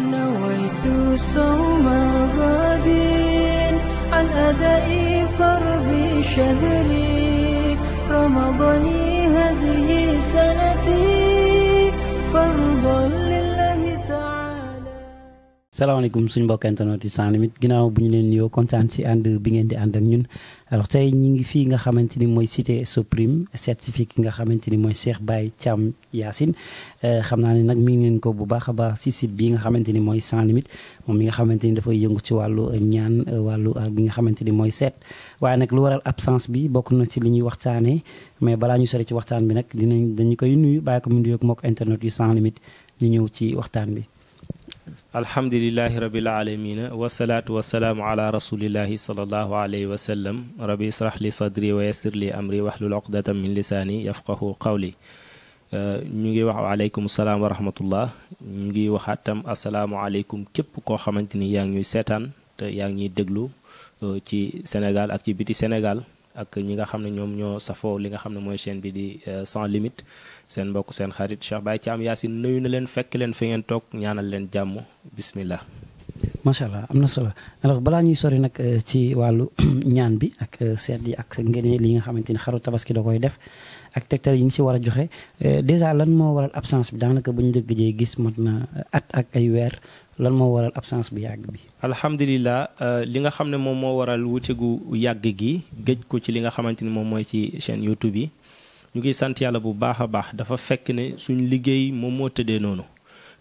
نويت صوم غد عن أداء فرض شهري رمضان هذه سنتي salaamaaleykum suñu mbokk internet yi sans limite ginnaaw bu ñu leen nuyoo kontaan ci ànd bi ngeen di ànd ak ñun alors tey ñi ngi fii nga xamante ni mooy cité Soprim certifié ki nga xamante ni mooy Cheikh Baye Thiam Yacine euh, xam naa ne nag mi ngi leen ko bu baax baax ci site bi nga xamante ni mooy sans moom mi nga xamante ni dafay yëngu ci wàllu ñaan euh, wàllu euh, bi nga xamante ni mooy seet waaye nag lu waral absence bi bokk na ci li ñuy waxtaanee mais balaa ñu sori ci waxtaan bi nag dinañ dañu koy nuyu bàyyi ko mu nuyoog mbokk internet yu sans limite ñu ñëw ci waxtaan bi alhamdulilahi rabil alamina wasalaatu wasalaamu ala rasulillahi salallahu alayhi wa sallam rabi israh li sadri wa yassir li amri wahlul oqdatam min lisaani yafqahu qawli ñu ngi wax waaleykum salaam wa rahmatullah ñu ngi waxaat tam asalaamualeykum képp koo xamante ni yaa ngi ñuy seetaan yaa ngi ñuy déglu e, ci Sénégal ak ci biti Sénégal ak ñi nga xam ne ñoom ñoo safoo li nga xam ne mooy chaîne bi di e, sans limite seen mbokk seen xarit Cheikh Baye Thiam Yacine nuyu na leen fekk leen fi ngeen toog ñaanal leen jàmm bismillah macha allah am na solo alors balaa ñuy sori nag euh, ci wàllu ñaan bi ak euh, seet yi ak ngeen li nga xamante ni xaru tabaski da koy def ak tegtal yi ñu si war a joxe euh, dèjà lan moo waral absence bi daanaka bu ñu dëgg jee gis mot na at ak ay weer lan moo waral absence bu yàgg bi. alhamdulilah li nga xam ne moom moo waral wute gu yàgg gi géej ko ci li nga xamante ni moom mooy ci chaîne YouTube yi. ñu ngi sant yàlla bu baax a baax dafa fekk ne suñu liggéey moom moo tëddee noonu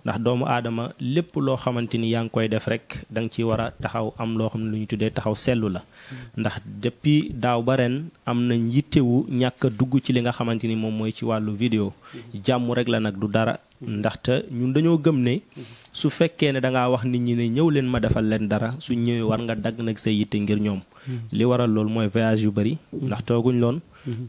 ndax doomu aadama lépp loo xamante ni yaa ngi koy def rek da nga ci war a taxaw am loo xam ne lu ñu tuddee taxaw sellu la mm. ndax depuis daaw ba ren am na njittewu ñàkk dugg ci li nga xamante ni moom mooy ci wàllu vidéo mm-hmm. jàmmu rek la nag du dara mm-hmm. ndaxte ñun dañoo gëm ne mm-hmm. su fekkee ne da ngaa wax nit ñi ne ñëw leen ma defal leen dara su ñëwee war nga dagg nag say yitte ngir ñoom li loolu mooy voyage yu bëri ndax tooguñ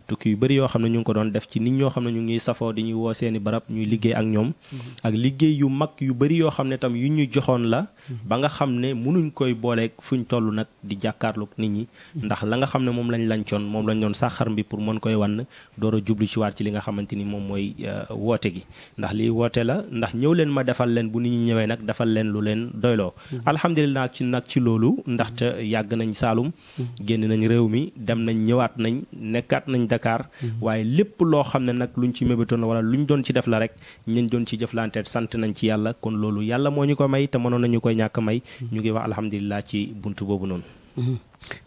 tukki yu bëri yoo xam ne ñu ngi ko doon def ci nit ñoo xam ne ñu ngi safoo di ñuy woo seeni barab ñuy liggéey ak ñoom mm-hmm. ak liggéey yu mag yu bëri yoo xam ne tam yu ñu joxoon la ba nga xam ne munuñ koy booleeg ñu toll nag di jàkkaarloog nit ñi ndax la nga xam ne moom lañ lancoon moom lañ doon saxar bi pour mën koy wan door a jublu ci waat ci li nga xamante ni moom mooy euh, woote gi ndax lii woote la ndax ñëw leen ma defal leen bu nit ñi ñëwee nag defal leen lu leen doyloo mm-hmm. alhamdulilah ci nag ci loolu ndaxte yàgg nañ Saalum mm-hmm. génn nañ réew mi dem nañ ñëwaat nañ nekkaat nañ Dakar mm-hmm. waaye lépp loo xam ne nag luñ ci mébétoon wala luñ doon ci def rek ñañ doon ci jëflante sant nañ ñàkk may ñu ngi wax alhamdulilah ci bunt boobu noonu mhm.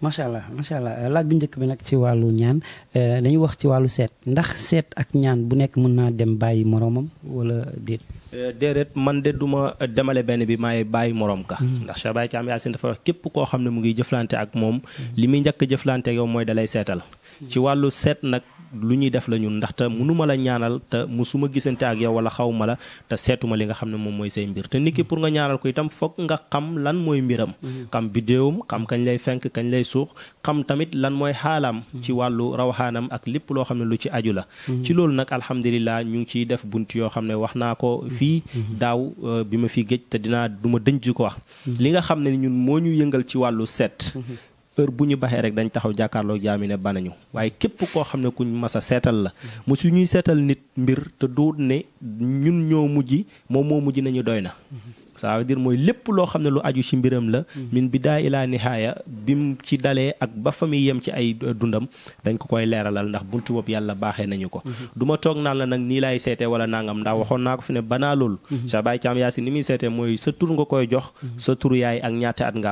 macha allah macha allah euh, laaj bu njëkk bi nag ci wàllu ñaan euh, dañu wax ci wàllu seet ndax seet ak ñaan bu nekk mën naa dem bàyyi moroomam wala déet. Euh, déedéet man de duma demale benn bi maay bàyyi moroom ka mhm. ndax Cheikh Baye Thiam Yacine dafa wax képp koo xam ne mu ngi jëflante ak moom. li muy njëkk jëflante yow mooy dalay seetal. ci wàllu seet nag lu ñuy def la ñun ndaxte mënuma la ñaanal te musuma gisante ak yow wala xaw la te seetuma li nga xam ne moom mooy say mbir te nit nga ñaanal ko itam foog nga xam lan mooy mbiram mm-hmm. xam bidéewam xam kañ lay fenk kañ lay suux xam tamit lan mooy xaalaam mm-hmm. ci wàllu rawxaanam ak lépp loo xam ne lu ci aju la mm-hmm. ci loolu nag alhamdulilah ñu ngi ciy def bunt yoo xam ne wax naa ko fii daaw euh, bi ma fi géej te dinaa du ma ko wax li nga xam ne ñun moo ñu yëngal ci wàllu seet heure bu ñu baxee rek dañ taxaw jàkkaarloo jaami ne banañu waaye képp koo xam ne kuñ mas a seetal la mu su ñuy seetal nit mbir te duut ne ñun ñoo mujj moom moo mujj nañu doy na ça veut mooy lépp loo xam ne lu aju ci mbiram la bi min bidaa ilaa bi mu ci dalee ak ba fa muy yem ci ay dundam dañ ko koy leeralal ndax buntu bopp yàlla baaxee nañu ko du ma toog naan la nag nii laay seetee wala nangam ndax waxoon naa ko fi ne banaa loolu mhm. sa baay caam yaa si ni muy seetee mooy sa tur koy jox sa tur yaay ak ñaata at nga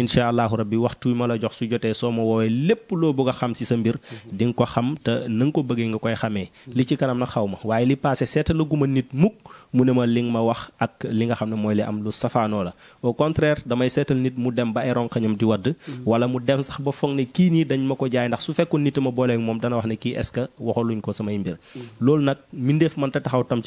incha allahu rabbi waxtu wi ma la jox su jotee soo ma woowee lépp loo bëgg a xam si sa mbir mhm. di ko xam te na ko bëggee nga koy xamee mhm. li ci kanam na xaw ma waaye li passé seetalaguma nit mukk mu ne ma li nga ma wax ak li nga xam ne mooy li am lu safaanoo la au contraire damay seetal nit mu dem ba ay ronkañam di wadd mhm. wala mu dem sax ba foog ne kii nii dañ ma ko jaay ndax su fekkoon nit ma booleeg moom dana wax ne kii est-ce que waxaluñ ko samay mbir loolu nag mindeef man te taxaw tam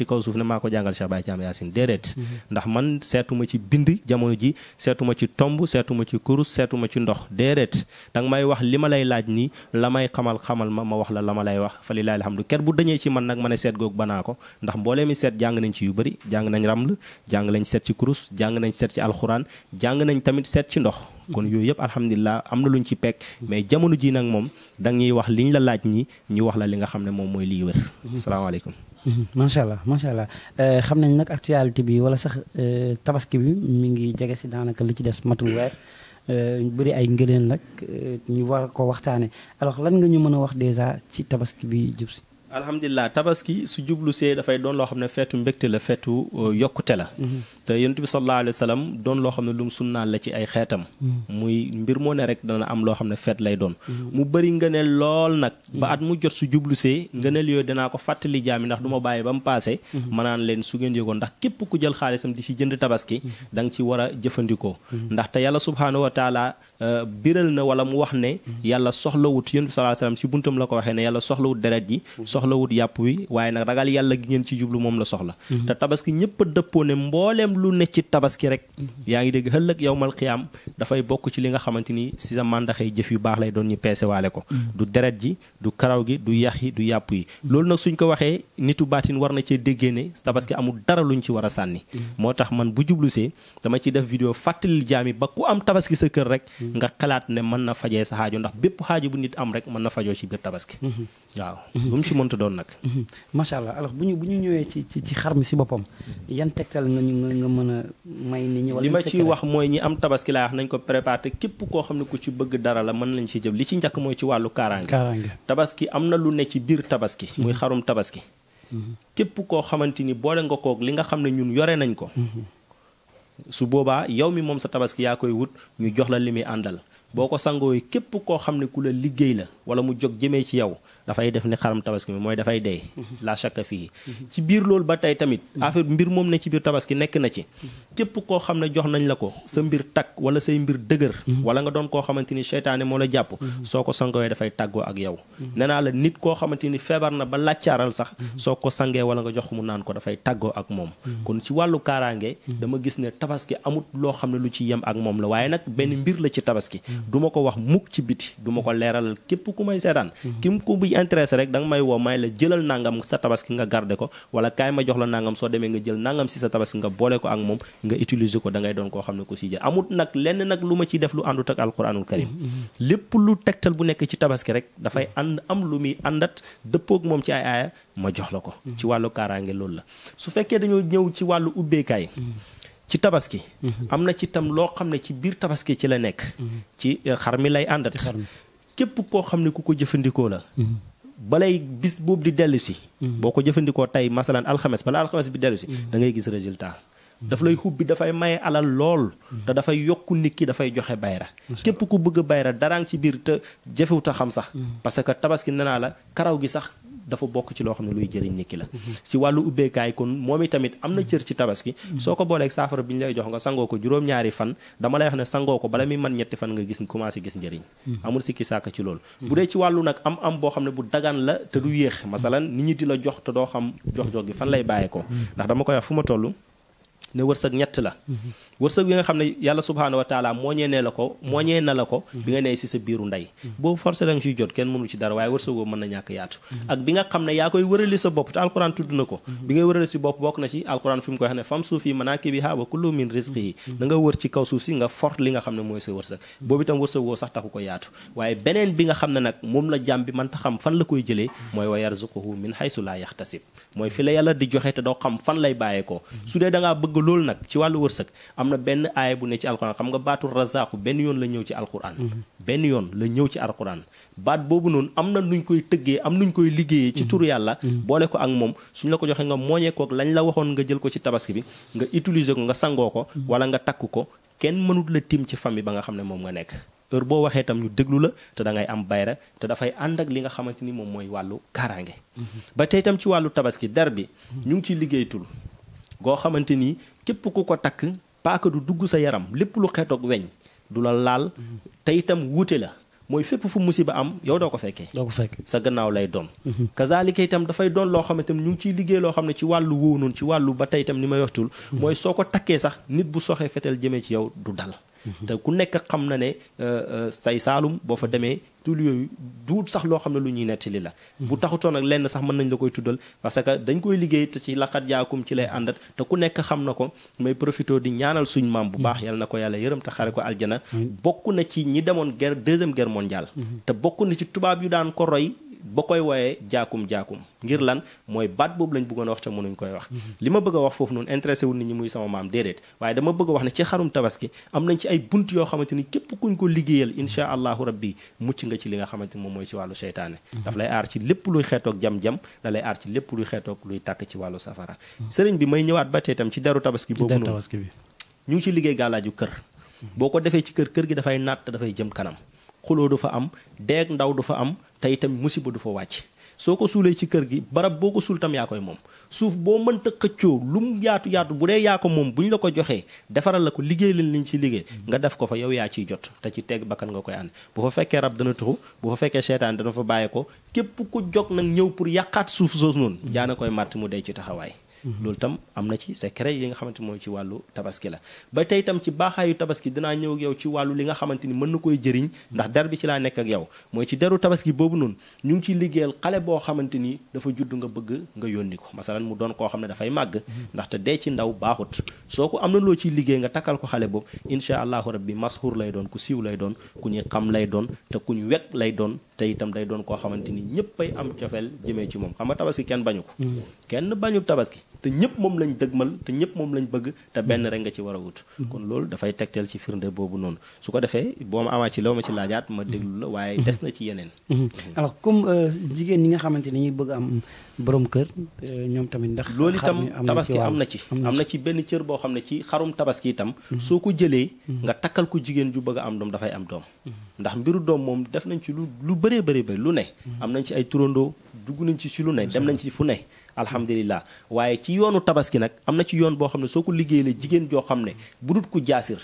ci ci kurus seetuma ci ndox déedéet danga may wax li ma lay laaj ni la may xamal xamal ma ma wax la la ma lay wax fa lilahi alhamdu ker bu dañee ci man nag ma ne seet googu banaa ko ndax mboolee mi seet jàng nañ ci yu bëri jàng nañ raml jàng nañ seet ci kurus jàng nañ seet ci alxuraan jàng nañ tamit seet ci ndox kon yooyu yëpp alhamdulilah am na luñ ci pekk mais jamono ji nag moom dangay wax liñ la laaj ñi ñu wax la li nga xam ne moom mooy liy wér asalaamaaleykum mhm. macha allah macha allah euh, xam nañ nag actualité bi wala sax euh, tabaski bi mi ngi jege si daanaka li ñu euh, bëri ay ngëneel nag euh, ñu war a ko waxtaanee alors lan nga ñu mën a wax dèjà ci tabaski bi jub si. alhamdulilah tabaski su jublu see dafay doon loo xam ne feetu mbégte la feetu euh, yokkute la. Mhm. te yonent bi sallallahu alayhi doon loo xam ne lu mu sunnaan la ci ay xeetam mm. muy mbir moo ne rek dana am loo xam ne feet lay doon mm. mu bëri ngëneel lool nag mm. ba at mu jot su jublu see nga ne yooyu danaa ko fàttali jaam jaami ndax duma bàyyi ba mu paase manaan leen su ngeen yëgoon ndax képp ku jël xaalisam di si jënd tabaski danga nga ci war a jëfandikoo ndaxte yàlla subhaanahu wa taala euh, biral na wala mu wax ne yàlla soxlawut yonent bi sallallahu alayhi si buntam la ko waxee ne yàlla soxlawut deret ji soxlawut yàpp wi waaye nag ragal yàlla gi ngeen ci jublu moom la soxla mboolem lu ne ci tabaski rek yaa ngi dégg ëllëg yowmal am dafay bokk ci li nga xamante ni si sa màndaxay jëf yu baax lay doon ñu peese waale ko mm. du deret ji du karaw gi du yax yi du yàpp yi mm. loolu nag suñ ko waxee nitu baatin war na cee déggee ne tabaski amul dara luñ ci war a sànni mm. moo tax man bu jublusee dama ciy def vidéo fàttalil jaam yi ba ku am tabaski sa kër rek nga xalaat ne mën na fajee sa xaajo ndax bépp xaajo bu nit am rek mën na fajoo ci biir waaw lu mu ci mënta doon nag. Mhm. macha allah alors bu ñu bu ñu ñëwee ci ci xar mi si boppam yan tegtal nga ñu mën a may nit ñi. wala li ma ciy wax mooy ñi am tabaski laa wax nañ ko préparé képp koo xam ne ku ci bëgg dara la mën lañ ci jëm li ci njëkk mooy ci wàllu kaaraange. kaaraange tabaski am na lu ne ci biir tabaski. muy mhm. xarum tabaski. Mhm. képp koo xamante ni boole nga kook li nga xam ne ñun yore nañ ko. su boobaa yow mi moom sa tabaski yaa koy wut ñu jox la li muy àndal boo ko sangoo képp koo xam ne ku la liggéey la wala mu jog jëmee ci yow dafay def ni xaram tabaski mi mooy dafay dee mhm. la chaka fii mhm. ci biir loolu ba tey tamit mhm. affaire mbir moom ne ci biir tabaski nekk na ci képp koo xam ne jox nañ la ko sa mbir takk wala say mbir dëgër wala nga doon koo xamante ni seytaane moo la jàpp soo ko sangowee dafay tàggoo ak yow nee naa la nit koo xamante ni feebar na ba laccaaral sax soo ko sangee wala nga jox mu naan ko dafay tàggoo ak moom kon ci wàllu kaaraange dama gis ne tabaski amut loo xam ne lu ci yem ak moom la waaye nag benn mbir la ci tabaski duma ko wax mukk ci biti du ma ko leeralal képp ci rek da nga may woo may la jëlal nangam sa tabaski nga garder ko wala kaay ma jox la nangam soo demee nga jël nangam si sa tabaski nga boole ko ak moom nga utiliser ko da ngay doon koo xam ne ko si jël amut nag lenn ma ciy def lu àndut ak alquranul karim mm, mm, mm. nekk ci tabaski rek dafay ànd am lu muy àndat dëppoog moom ci ay aaya ma jox la ko ci wàllu kaaraange loolu la su fekkee dañoo ñëw ci wàllu ubbeekaay ci tabaski mm-hmm. am na ci tam loo xam ne ci biir tabaski ci la nekk mm-hmm. ci eh, xar mi lay àndat képp koo xam ne ku ko jëfandikoo la. Mm-hmm. balay bis boobu di dellu si. Mm-hmm. boo ko jëfandikoo tey masalan alxames bala alxames bi dellu si. Mm-hmm. da gis résultat. daf lay xub bi dafay maye alal lool. te dafay yokk nit ki dafay joxe bayra. képp ku bëgg bayra daraa ngi ci biir te jëfewut a xam sax. parce que tabaski nee la karaw gi sax. dafa bokk ci loo xam ne luy jëriñ nit ki la mhm. si wàllu ubbeekaay kon moom i tamit am na cër ci tabaski mhm. soo ko booleeg saafara bi ñu lay jox nga sangoo ko juróom-ñaari fan dama lay wax ne sangoo ko bala muy man ñetti fan nga gis commencé gis njëriñ mhm. amul sikki sàkk ci loolu bu dee ci wàllu nag am am boo xam ne bu dagan la te du yéex masalan nit ñi di la jox te doo xam jox jox gi fan lay bàyyee ko ndax dama koy wax fu ma toll ne wërsëg ñett la wërsëg bi nga xam ne yàlla subhaanahu wa taala mooñee ne la ko mooñee na la ko bi nga nee si sa biiru ndey boobu forcé danga ciy jot kenn mënu ci dara waaye wërsëg ko bi wa kullu min rizqihi woo sax bi nga xam ne nag moom la xam fan la koy jëlee mooy wa yarzuquhu min haysu laa yaxtasib mooy fi la yàlla di joxe te doo xam fan lay bàyyee su dee da ngaa loolu nag ci wàllu wërsëg am na benn aaya bu ne ci alquran xam nga baatu razaaku benn yoon la ñëw ci alquran. Mhm. benn yoon la ñëw ci alquran baat boobu noonu am na nuñ koy tëggee am nuñ koy liggéeyee. ci mhm. turu yàlla. Mhm. boole ko ak moom suñ la ko joxee nga mooñee koog lañ la waxoon nga jël ko ci tabaski bi nga utiliser ko nga sangoo ko. wala nga takk ko kenn mënut la tiim ci famille ba nga xam ne moom nga nekk. heure boo waxee tam ñu déglu la te dangay ngay am bayra te dafay ànd ak li nga xamante ni moom mooy wàllu kaaraange. ba tey tam ci wàllu tabaski der bi. ñu ngi ciy liggéey goo xamante ni képp ku ko takk paaka du dugg sa yaram lépp lu xeetoog weñ du la laal tey itam wute la mooy fépp fu musiba am yow doo ko fekkee doo ko sa gannaaw lay doon mhm. kazaalika itam dafay doon loo xam ne ñu ngi ciy liggéey loo xam ne ci wàllu wóonoon ci wàllu ba tey itam ni ma yoxtul mhm. mooy soo ko takkee sax nit bu soxee fetal jëmee ci yow du dal te ku nekk xam na ne euh, euh, tay Saalum boo fa demee tull yooyu duut sax loo xam ne lu ñuy nettali la. Mm-hmm. bu taxutoon ak lenn sax mën nañ la koy tuddal parce que dañ koy liggéey te ci laxat yaakum ci lay àndat te ku nekk xam na ko may profité di ñaanal suñ maam bu baax mm-hmm. yàlla na ko yàlla yërëm te xare ko aljana bokk na ci ñi demoon guerre deuxième guerre mondiale. Mm-hmm. te bokk na ci tubaab yu daan ko roy. ba koy woyee jaakum jaakum ngir lan mooy baat boobu lañ bëggoon wax te mënuñ koy wax mhm. li ma bëgg a wax foofu noonu intéressé wul nit ñi muy sama maam déedéet waaye dama bëgg a wax ne ci xarum tabaski am nañ ci ay bunt yoo xamante ni kuñ ko liggéeyal insha allahu rabbi mucc nga ci li nga xamante ni moom mooy ci wàllu seytaane mhm. daf lay aar lépp luy xeetoog jam-jam da lay aar lépp luy xeetoog luy tàkk ci wàllu safara mhm. sëriñ bi may ñëwaat ba tam ci daru tabaski boobu noonu ñu ngi ci liggéey gàllaaju kër boo ko defee ci kër kër gi dafay naat dafay jëm kanam xuloo du fa am deeg ndaw du fa am te itam musiba du fa wàcc soo ko suulee ci kër gi barab boo ko suul tam yaa koy moom suuf boo mënta xëccoo lu mu yaatu yaatu bu dee yaa ko moom bu ñu la ko joxee defaral la ko liggéey leen liñ si liggéey nga def ko fa yow yaa ciy jot te ci teg bakkan nga koy ànd bu fa fekkee rab dana tuxu bu fa fekkee seetaan dana fa bàyyi ko képp ku jog nag ñëw pour yàqaat suuf soosu noonu jaana koy màtt mu dee ci taxawaay Mm-hmm. loolu tam am na ci secret yi nga xamante mooy ci wàllu tabaski la ba tey tam ci baaxaayu tabaski dinaa ñëw ak yow ci wàllu li nga xamante ni mën na koy jëriñ ndax der bi ci laa nekk ak yow mooy ci deru tabaski boobu noonu ñu ngi ciy liggéeyal xale boo xamante ni dafa judd nga bëgg nga yónni ko masalan mu doon koo xam ne dafay màgg mm-hmm. ndaxte dee ci ndaw baaxut soo ko am na loo ciy liggéey nga takkal ko xale boobu incha allahu rabbi mashur lay doon ku siiw lay doon ku ñuy xam lay doon te ku ñu wekk lay doon te itam day doon koo xamante ni ñëppay am cofeel jëmee ci moom xam nga tabaski kenn bañu ko mm-hmm. kenn bañu tabaski te ñëpp moom lañ dëgmal te ñëpp moom lañ bëgg te benn mm-hmm. rek nga ci war a wut mm-hmm. kon loolu dafay tegtal ci firnde boobu noonu su ko defee boo ma amaa ci loo ma ci laajaat ma déglu la waaye mm-hmm. des na ci yeneen comme euh, jigéen ñi nga xamante ni ñuy bëgg am boroom kër euh, ñoom tamit ndax loolu itam tabaski am na ci am na ci benn cër boo xam ne ci xarum tabaski itam soo ko jëlee nga takkal ko jigéen ju bëgg am doom dafay am doom ndax mbiru doom moom def nañ ci lu lu bëree bëri bëri lu ne am nañ ci ay turandoo dugg nañ ci si lu ne dem nañ ci fu ne alhamdulilah waaye ci yoonu tabaski nag am na ci yoon boo xam ne soo ko liggéey la jigéen joo xam ne bu dut ku jaasir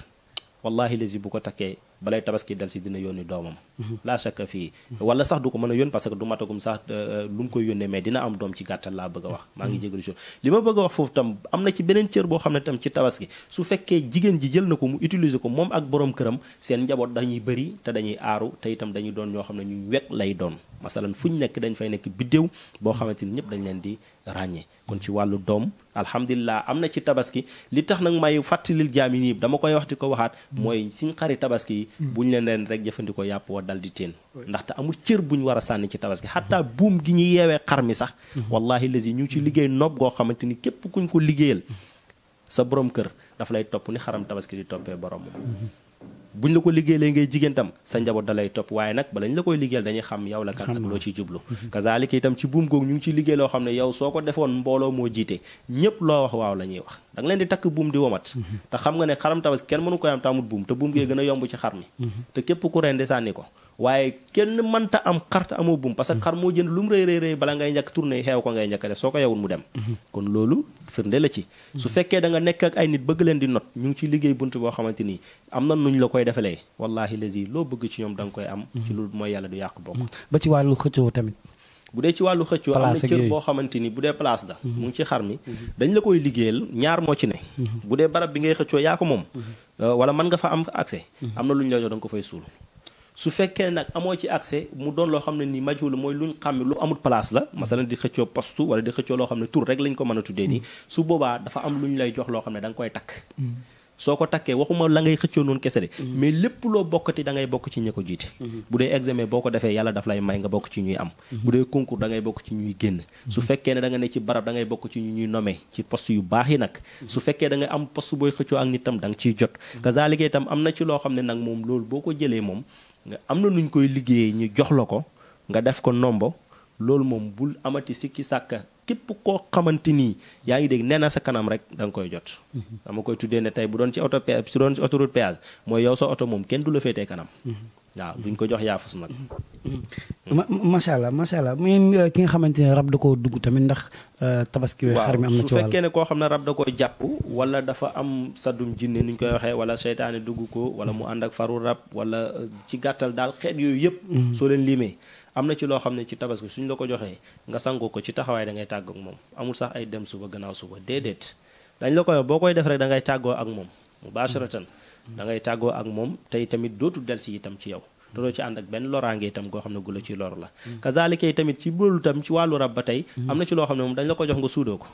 wallahi lazi bu ko takkee balay tabaski dal si dina yónni doomam mhm. laa shakka fii wala sax du ko mën a yónni parce que du matagum sax euh, euh, lu mu koy yónnee mais dina am doom ci gàttal laa bëgg a wax maa ngi mhm. jégalu si li ma bëgg a wax foofu tam am na ci beneen cër xam ne tam ci tabaski su fekkee jigéen ji jël na ko mu utiliser ko moom ak borom këram seen njaboot dañuy bëri te dañuy aaru te itam dañuy doon ñoo xam ne ñu wekk lay doon masalan fu ñu nekk dañ fay nekk biddéew boo xamante ni ñëpp dañ leen di ràññee kon ci wàllu doom alhamdulilah am na ci tabaski li tax nag may fàttalil jaam yi nii dama koy wax di ko waxaat mhm. mooy suñ xari tabaski yi Mm. bu ñu leen leen rek jëfandikoo yàpp wa dal di teen ndaxte amul cër bu ñu war a sànni ci tabaski xataa buum gi ñu yeewee xar mi sax mm-hmm. wallahi lasi ñu ngi ci liggéey nob goo xamante ni képp kuñ ko liggéeyal mm-hmm. sa borom kër dafa lay topp ni xaram tabaski di toppee borom mm-hmm. buñ la ko liggéeyee ngay jigéen tam sa njaboot da lay topp waaye nag balañ la koy liggéeyal dañuy xam yow la kan ak loo ciy jublu kazaalika itam ci buum googu ñu ngi ci liggéey loo xam ne yow soo ko defoon mbooloo moo jiite ñépp loo wax waaw la ñuy wax da leen di takk buum di womat te xam nga ne xaram tabaski kenn mënu koy am tamut buum te buum gee gën a yomb ci xar mi te képp ku rendi sànni ko waaye kenn mënta am xar te amoo buum parce que xar moo jënd lu mu rëy rëy bala ngay njëkk tourné xeew ko ngay njëkk def soo ko yewul mu dem kon loolu firnde la ci su fekkee da nga nekk ak ay nit bëgg leen di not ñu ngi ci liggéey bunt boo xamante nii am na nuñ la koy defalee wallahi lazi loo bëgg ci ñoom da koy am ci lu mooy yàlla du yàq bokk ba tamit bu dee ci wàllu xëccoo am na cër boo xamante ni bu dee place da mhm. mu ngi ci xar mi mhm. dañ la koy liggéeyal ñaar moo ci ne mhm. bu dee barab bi ngay xëccoo yaa ko moom euh, wala man nga fa am accès am na lu ñu la jox da nga ko fay suul su fekkee nag amoo ci accès mu doon loo xam ne nii majhul mooy luñ xàmme lu amul place la masalan di xëccoo poste wala di xëccoo loo xam ne tur rek lañ ko mën a tuddee nii su boobaa dafa am lu ñu lay jox loo xam ne danga nga koy takk soo ko takkee waxuma la ngay xëccoo noonu kese de mhm. mais lépp loo bokkati da ngay bokk ci ñi ko jiite mhm. bu dee examen boo ko defee yàlla daf lay may nga bokk ci ñuy am mhm. bu dee concours da ngay bokk ci ñuy génn su fekkee ne da ne ci barab da bokk ci ñu ñuy nommé ci poste yu baax yi nag su fekkee da am poste booy xëccoo ak nit tam da nga ciy jot kazaalika itam am na ci loo xam ne nag moom loolu boo ko jëlee moom nga am na nuñ koy liggéeyee ñu jox la ko nga def ko nombo loolu moom bul amati sikki sàkka képp koo xamante nii yaa ngi dégg nee na sa kanam rek danga koy jot mhm. dama koy tuddee ne tey bu doon ci auto su doon ci autoroute péage mooy yow sa oto moom kenn du la féetee kanam mhm. waaw duñ ko jox yaafus nag mhm. macha allah macha allah mais euh, ki nga xamante ne rab da koo dugg tamit ndax euh, tabaski bi xar mi am na ci wàll su fekkee ne koo xam ne rab da koo jàpp wala dafa am saddum jinne nuñ koy waxee wala seytaane dugg ko wala mu ànd ak faru rab wala euh, ci gàttal daal xeet yooyu yëpp soo leen limee am na ci loo xam ne ci tabaski suñ la ko joxee nga sangoo ko ci taxawaay da ngay tàggook moom amul sax ay dem suba gannaaw suba déedéet dañ la koy boo koy def rek da ngay tàggoo ak moom mubasharatan mm-hmm. da ngay tàggoo ak moom tey tamit dootu del si itam ci yow te mm-hmm. ci ànd ak benn loraange itam goo xam ne gu la ci lor la mm-hmm. kazaalika tamit ci boolu tam ci wàllu rab ba tey am na ci loo xam ne moom dañ la ko jox nga suudoo ko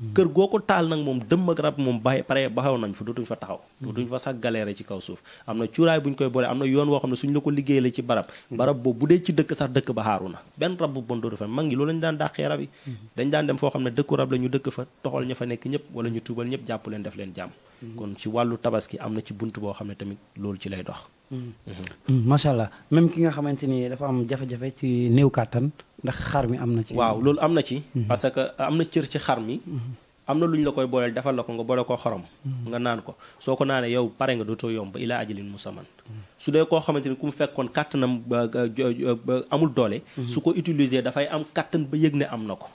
kër goo ko taal nag moom dëmm ak rab moom ba pare baxew nañ fa dootuñ fa taxaw hmm. dootuñ fa sax galère ci kaw suuf am na cuuraay bu ñu koy boole am na yoon woo xam ne suñ la ko liggéey la ci barab hmm. barab boobu bu dee ci dëkk sax dëkk ba xaaru na benn rab bu bon dootu fa mag ñi loolu lañu daan dàqee rab hmm. dañ daan dem foo xam ne dëkku rab la ñu dëkk fa toxal ña fa nekk ñëpp wala ñu tuubal ñëpp jàpp leen def leen jàmm kon ci wàllu tabaski am na mhm. ki nga xamante ni dafa am jafe-jafe ci néew ndax xar mi am na ci. waaw loolu am na ci. Mhm. parce que euh, am na cër ci xar mi. Mhm. am na lu ñu la koy booleel defal la ko nga boole ko xorom. Mhm. nga naan ko soo ko naanee yow pare nga dootoo yomb ilaa ajalin saman su dee koo xamante ni ku mu fekkoon kàttanam ba amul doole. su ko utiliser dafay am kàttan ba yëg ne am na ko.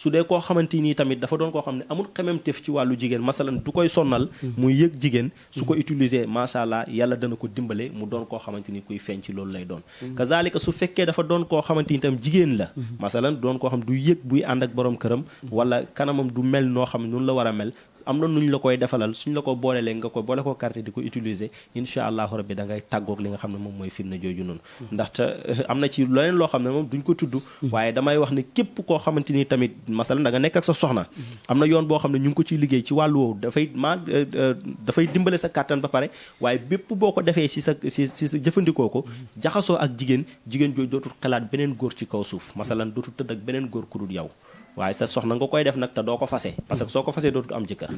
su dee koo xamante nii tamit dafa doon koo xam ne amul xememteef ci wàllu jigéen masalan du koy sonnal mm-hmm. mu yëg jigéen su mm-hmm. ko utiliser macha allah yàlla dana ko dimbale mu doon koo xamante ni kuy feeñ ci loolu lay doon mm-hmm. kazalika su fekkee dafa doon koo xamante ni tam jigéen la masalan doon koo xam du yëg buy ànd ak boroom këram wala kanamam du mel noo xam noonu la war a mel am na nu ñu la koy defalal suñ la ko boolelee nga ko boole koo carte di ko utiliser incha allahu rabbi bi dangay tàggoog li nga xam ne moom mooy fitna jooju noonu mm-hmm. ndaxte eh, am na ci leneen loo xam ne moom duñ ko tudd mm-hmm. waaye damay wax ne képp koo xamante ni tamit masalan da nga nekk ak sa soxna mm-hmm. am na yoon boo xam ne ñu ngi ko ciy liggéey ci wàllu woowu dafay maa eh, eh, dafay dimbale sa kàttan ba pare waaye bépp boo ko defee si sa si si sa jëfandikoo ko jaxasoo ak jigéen jigéen jooju dootul xalaat beneen góor ci kaw suuf masalan dootul tëdd ak beneen góor ku yow waaye sa soxna nga koy def nag te doo ko fase parce que soo ko fasee dootul am jëkkër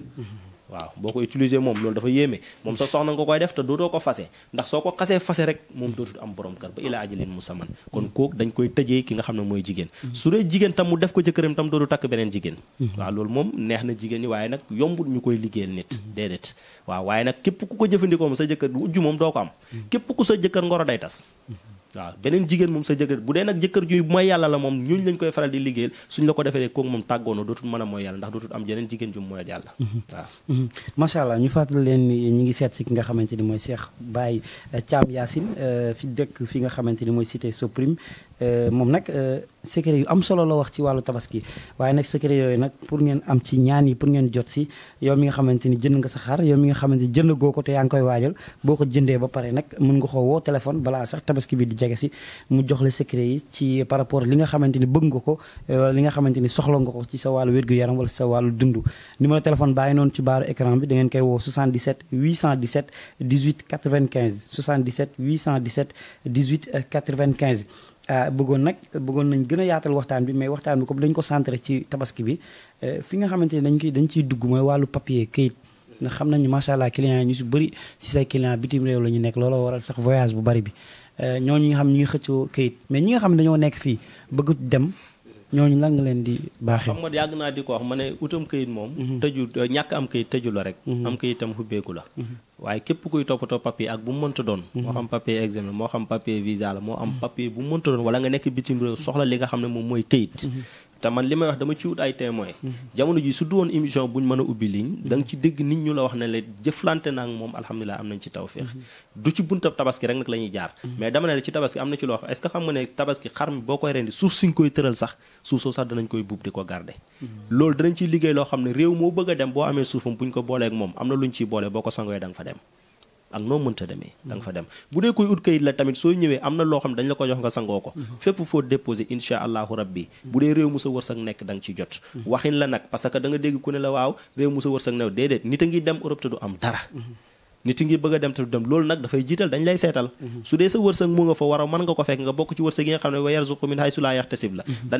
waaw boo ko utiliser moom loolu dafa yéeme moom sa soxna nga koy def te dootoo ko fase ndax soo ko xasee fase rek moom dootul am borom kër ba ilaa ajalin musamman kon kooku dañ koy tëjee ki nga xam ne mooy jigéen su dee jigéen mu def ko jëkkëram tam dootu takk beneen jigéen waaw loolu moom neex na jigéen ñi waaye nag yombul ñu koy liggéeyal nit déedéet waaw waaye nag képp ku ko jëfandikoo moom sa jëkkër ujju moom doo ko am képp ku sa jëkkër ngoro day tas waaw beneen jigéen moom sa jëkkër bu dee nag jëkkër juy mooy yàlla la moom ñooñu lañ koy faral di liggéeyal suñ la ko defee kooku moom tàggoona dootul mën a mooy yàlla ndax dootul am jeneen jigéen ju mooy yàlla mhm. Mhm. waaw macha allah ñu fàttali leen ñu ngi seet si ki nga xamante ni mooy Cheikh Baye Thiam Yacine euh, fi dëkk fi nga xamante ni mooy cité Soprim Euh, moom nag euh, secret yu am solo la wax ci wàllu tabaski waaye nag secret yooyu nag pour ngeen am ci ñaan yi pour ngeen jot si yow mi nga xamante ni jënd nga sa xar yow mi nga xamante ni jënd goo ko te yaa ngi koy waajal boo ko jëndee ba pare nag mën nga koo woo téléphone balaa sax tabaski bi di jege si mu jox la secret yi ci par rapport li nga xamante ni bëgg nga ko euh, wala li nga xamante ni soxla nga ko ci sa wàllu wér-gu-yaram wala sa wàllu dund numéro téléphone bàyyi noonu ci baaru écran bi da ngeen koy woo 77 817 18 95 77 817 18 95 Euh, bëggoon nag bëggoon nañ gën a yaatal waxtaan bi mais waxtaan bi comme dañ ko centré ci tabaski bi euh, fi nga xamante ne dañ koy dañ ciy dugg mooy wàllu papier kayit nga xam nañu macha allah client yi ñu si bëri si say client bitim réew la ñu nekk looloo waral sax voyage bu bari bi euh, ñooñu nga xam ñu ngi xëccoo kayit mais ñi nga xam dañoo nekk fii bëgg dem ñooñu lan nga leen di baaxee. xam nga yàgg naa di ko wax ma ne utam kayit moom. Mhm. tëju ñàkk am këyit tëju la rek. Mhm. am këyit tam xubbeeku la. Mhm. waaye képp kuy toppatoo papier ak bu mu mënta doon. moo xam papier examen moo xam papier visa la moo am papier bu mu mënta doon wala nga nekk bitim réew soxla li nga xam ne moom mooy këyit. te man li may wax dama ci wut ay témoins. jamono ji su du woon émission buñ mën a ubbi ligne. da nga ci dégg nit ñu la wax ne la jëflante naa ak moom alhamdulilah am nañ ci tawféex. du ci buntab tabaski rek nag la ñuy jaar. mais dama ne la ci tabaski am na ci loo xam est ce xam nga ne tabaski xar mi boo koy rendi suuf si nga koy tëral sax suuf soo sax danañ koy buub di ko garder. loolu danañ ciy liggéey loo xam ne réew moo bëgg a dem boo amee suufam buñ ko booleeg moom am na luñ ciy boole boo ko sangoy da fa dem ak noo mënta demee da nga fa dem bu dee koy ut kayit la tamit soo ñëwee am na loo xam dañ la ko jox nga sangoo ko mhm. fépp foo déposé incha allahu bi mhm. bu dee réew mu sa wërsëg nekk da nga ci jot mhm. waxin la nag parce que da nga dégg ku ne la waaw réew mu sa wërsëg new déedéet nit a ngi dem Europe te du am dara nit yi ngi bëgg a dem te du dem loolu nag dafay jiital dañ lay seetal mhm. su dee sa wërsëg mu nga fa war a mën nga ko fekk nga bokk ci wërsëg yi nga xam ne wa yarzuqu min haysu laa mhm. la ko mhm. na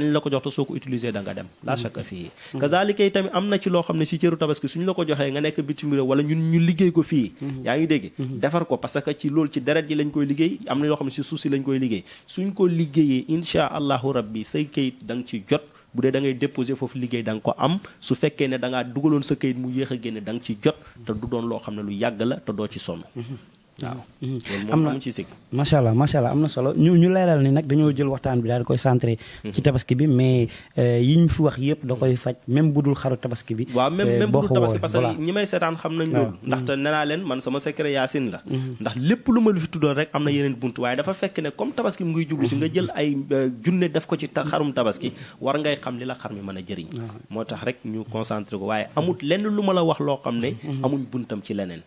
loo xam ne si cëru tabaski suñ la ko joxee nga nekk bitim réew wala ñun ñu liggéey ko fii yaa ngi dégg defar ko parce que ci lool ci deret yi lañ koy liggéey am na loo xam ne si suuf si lañ koy liggéey suñ ko liggéeyee inchaa allahu rabbi say kayit da nga ci jot bu dee dangay ngay foofu liggéey danga ko am su fekkee ne danga dugaloon sa kayit mu yéex a génne da nga ci jot te du doon loo xam ne lu yàgg la te doo ci sonn waaw mhm. am na ci sikk macha allah macha allah am na solo ñu ñu leeral ni nag dañoo jël waxtaan bi daal di koy centré mhm. ci tabaski bi mais euh, yi ñu fi wax yëpp da koy faj même bu dul xaru tabaski bi waaw même euh, même bu dul tabaski parce que ñi may xam nañ loolu mhm. ndaxte nee leen man sama secret yaasin la ndax lépp lu ma lu fi tuddoon rek am na yeneen bunt waaye dafa fekk ne comme tabaski mu ngi jublu si nga jël ay euh, junne def ko ci xarum tabaski war ngay xam li la xar mi mën a jëriñ moo tax rek ñu concentré ko waaye amut lenn lu ma la wax loo xam ne amuñ buntam ci leneen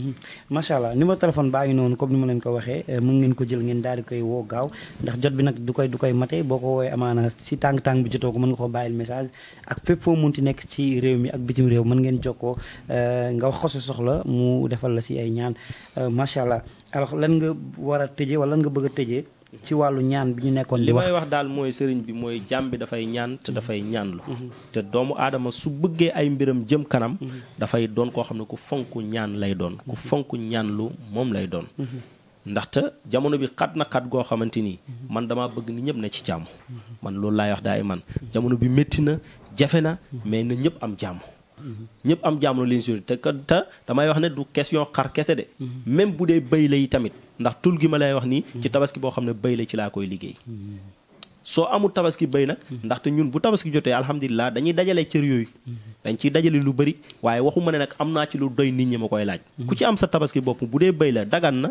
Mhm. macha allah numéro téléphone baa ngi noonu comme ni ma leen ko waxee eh, mën ngeen ko jël ngeen daal di koy woo gaaw ndax jot bi nag du koy du koy mate boo ko woowee amaana si tàng-tàng bi jotoo ko mën nga ko bàyyil message ak fépp foo munti nekk ci réew mi ak bitim réew mën ngeen jokkoo eh, nga wax ko sa soxla mu defal la si ay ñaan eh, macha allah alors lan nga war a tëjee wala lan nga bëgg a tëjee ci wàllu ñaan bi ñu nekkoon li may wax daal mooy sëriñ bi mooy jaam bi dafay ñaan te dafay ñaanlu mhm. te doomu aadama su bëggee ay mbiram jëm kanam mhm. dafay doon koo xam ne ku fonk ñaan lay doon ku mhm. fonk ñaanlu moom lay doon ndaxte jamono bi xat na xat goo xamante ni man dama bëgg ni ñëpp na ci jàmm man loolu laay wax daay man jamono bi métti na jafe na mais na ñëpp am jàmm ñëpp am jàmm li ñu si te te damay wax ne du question xar kese de. Mm-hmm. même bu dee béy la yi tamit ndax tul gi ma lay wax nii. ci mm-hmm. tabaski boo xam ne béy la ci laa koy liggéey. Mm-hmm. soo amul tabaski bëy nag hmm. ndaxte ñun bu tabaski jotee alhamdulilah dañuy dajale cër yooyu hmm. dañ ciy dajale lu bëri waaye waxuma ne nag am naa ci lu doy nit ñi ma koy laaj hmm. ku ci am sa tabaski bopp bu dee bëy la dagan na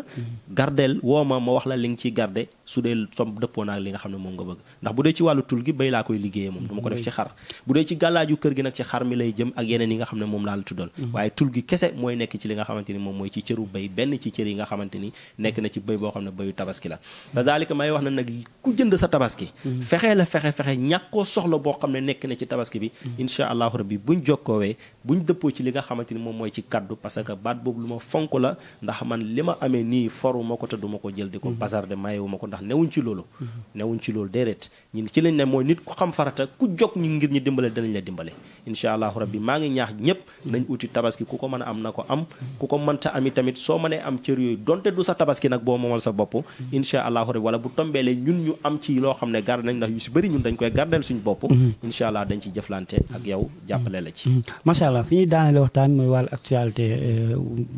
gardeel woo ma ma wax la li nga ciy garde dee som dëppoo naag li nga xam ne moom nga bëgg ndax bu dee ci wàllu tul gi bëy laa koy liggéeyee moom dama ko def ci xar bu dee ci gàllaaju kër gi nag ci xar mi lay jëm ak yeneen yi nga xam ne moom laa la tuddal waaye tul gi kese mooy nekk ci li nga xamante ni moom mooy ci cëru bëy benn ci cër yi nga xamante ni nekk na ci bëy boo xam ne bëyu tabaski la kazalika may wax na nag ku jënd sa tabaski fexe la fexe fexe ñàkkoo soxla boo xam ne nekk na ci tabaski bi mm-hmm. incha allahu rabbi buñ jokkoowee buñ dëppoo ci li nga xamante moom mooy ci kaddu parce que baat boobu lu ma fonk la ndax man li ma amee nii foru ma ko te duma ko jël di ko mm-hmm. bazar de mayewu ma ko ndax newuñ ci loolu mm-hmm. newuñ ci loolu déedéet ñun ci lañ ne mooy nit ku xam farata ku jog ñu ngir ñu dimbale danañ la dimbale incha allahu bi maa ngi ñaax ñëpp nañ uti tabaski ku ko mën a am na ko am ku ko mënta ami tamit soo mënee am cër yooyu donte du sa tabaski nag boo moomal sa bopp garde nañ ndax yu si bëri ñun dañ koy gardeel suñu bopp mm-hmm. incha allah dañ ci jëflante ak yow mm-hmm. jàppale la ci mm-hmm. macha allah fi ñuy daanale waxtaan mooy wàllu actualité euh,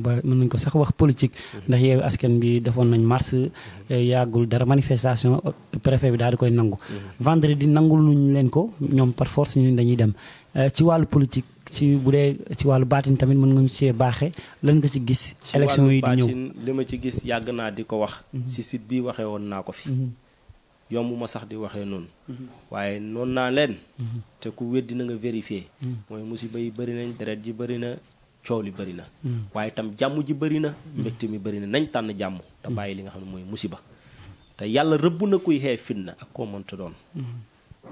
ba mën nañ ko sax wax politique ndax yeewu askan bi defoon nañ mars euh, yàggul dara manifestation euh, préfet bi daal di koy nangu vendredi nangul luñu leen ko ñoom par force ñun dañuy dem ci wàllu politique ci bu dee ci wàllu nga ñu cee baaxee lan nga ci gis élection yi di ñëw li ma ci gis yàgg naa di ko wax si site bi waxee naa ko fi yomb ma sax di waxee noonu mhm. waaye noon naa leen mhm. te ku weddi na nga vérifier mhm. mooy musiba yi bëri nañ deret ji bari na coow li bëri na waaye itam jàmm ji bari na mbégte mi bëri na nañ tànn jàmm te bàyyi li nga xam ne mooy musiba te yàlla rëbb na kuy xee fitna ak koo mënta doon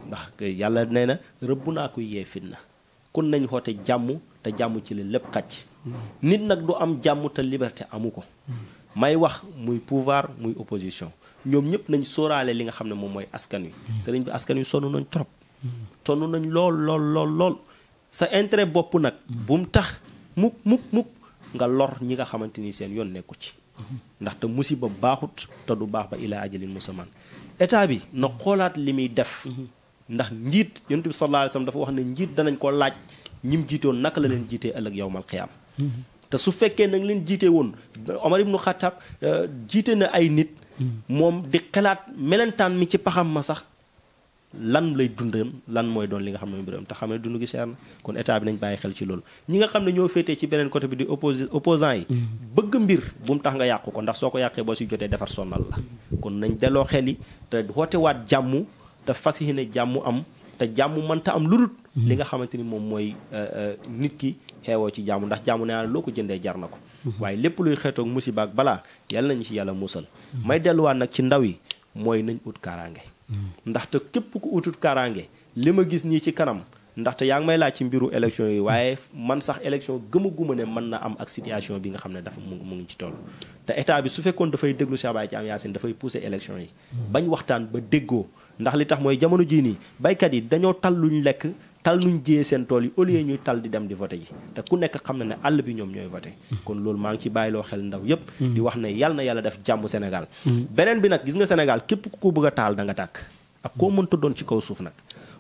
ndax na rëbb naa kuy yee fitna kon nañ xoote jàmm te jàmm ci la lépp xàcc nit nag du am jàmm te liberté amu ko may wax muy pouvoir muy opposition ñoom ñëpp nañ sóoraale li nga xam ne moom mooy askan wi. sëriñ bi askan wi sonnu nañ trop. sonn nañ lool lool lool lool sa intérêt bopp nag. bu mu tax mukk mukk mukk nga lor ñi nga xamante ni seen yoon nekku ci. ndaxte musiba baaxut te du baax ba ilaa ajalin musaman état bi na xoolaat li muy def. ndax njiit yontu bi sallallahu alayhi dafa wax ne njiit danañ ko laaj ñim jiitoon naka la leen jiitee ëllëg yowmal qiyaam. Mhm. te su fekkee na leen jiite woon Omar ibnu Xattaab euh, jiite na ay nit. moom di xalaat melentaan mi ci paxam ma sax lan lay dundam lan mooy doon li nga xam ne mbiram te xam ne dund gi seer na kon état bi nañ bàyyi xel ci loolu ñi nga xam ne ñoo féetee ci beneen côté bi di oppos opposant yi mm-hmm. bëgg mbir bu mu tax nga yàqu ko ndax soo ko yàqee boo si jotee defar sonnal la mm-hmm. kon nañ delloo xel yi te wootewaat jàmm te fas yéene jàmm am te jàmm mënta am lu dul Mm-hmm. li nga xamante ni moom mooy euh, euh, nit ki xeewoo ci jaamu ndax jaamu nee loo ko jëndee jar na ko mm-hmm. waaye lépp luy xeetoog musiba ak balaa yàlla nañu ci yàlla musal mm-hmm. may delluwaat nag ci ndaw yi mooy nañ ut kaaraange ndaxte képp ku utut kaaraange li ma gis nii ci kanam ndaxte yaa ngi may laaj ci mbiru élection yi waaye man sax élection gëmaguma ne mën na am ak situation bi nga xam ne dafa mu mu ngi ci toll te état bi su fekkoon dafay déglu Cheikh Baye Thiam dafay pousser élection yi bañ waxtaan ba déggoo ndax li tax mooy jamono jii nii baykat yi lekk tal nuñ jiyee seen tool yi au lieu ñuy tal di dem di voté ji te ku nekk xam na ne àll bi ñoom ñooy voté kon loolu maa ngi ci bàyyiloo xel ndaw yépp mm. di wax ne yàlla na yàlla def jàmm Sénégal mm. beneen bi nag gis nga Sénégal képp ku ko bëgg a taal da nga tàkk ak koo mënta doon ci kaw suuf nag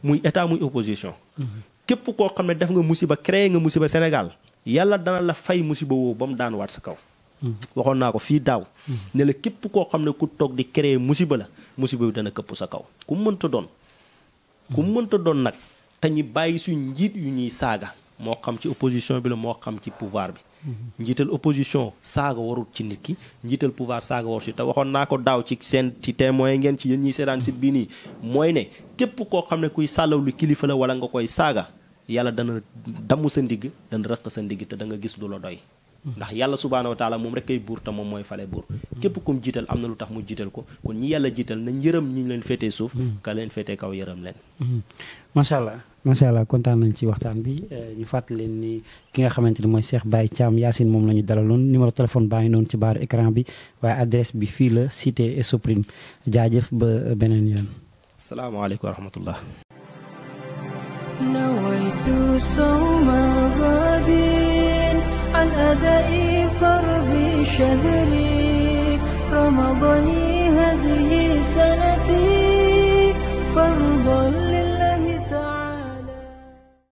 muy état muy opposition mm-hmm. képp koo xam ne def nga musiba créé nga musiba Sénégal yàlla dana la fay musiba woowu ba mu daan waat sa kaw mm-hmm. waxoon naa ko fii daaw mm-hmm. ne la képp koo xam ne ku toog di créé musiba la musiba bi dana këpp sa kaw ku mënta doon ku doon nag te ñi bàyyi suñ njiit yu ñuy saaga moo xam ci opposition bi la moo xam ci pouvoir bi. Mm-hmm. njiital opposition saaga warul ci nit ki njiital pouvoir saaga warul ci te waxoon naa ko daaw ci seen ci témoin ngeen ci yéen ñiy seetaan site bii nii mooy ne képp koo xam ne kuy sàllaw lu kilifa la wala nga koy saaga yàlla dana damm sa ndigg dana rëq sa ndigg te da nga gis du la doy. ndax yàlla subhaanahu wa taala moom rek kay buur te moom mooy fale buur képp kum jiital am na lu tax mu jiital ko kon ñi yàlla jiital nañ yërëm ñi leen féetee suuf mm-hmm. ka leen féetee kaw yërëm leen mm-hmm. macha allah macha allah kontaan nañ ci waxtaan bi euh, ñu fàttali leen ni ki nga xamante ni mooy Cheikh Baye Thiam Yacine moom la ñu dalaloon numéro téléphone baa ngi noonu ci baaru écran bi waaye adresse bi fii la cité Soprim jaajëf ba beneen yoon salaamaaleykum wa أدائي فرضي شهري رمضاني هذه سنتي فرضا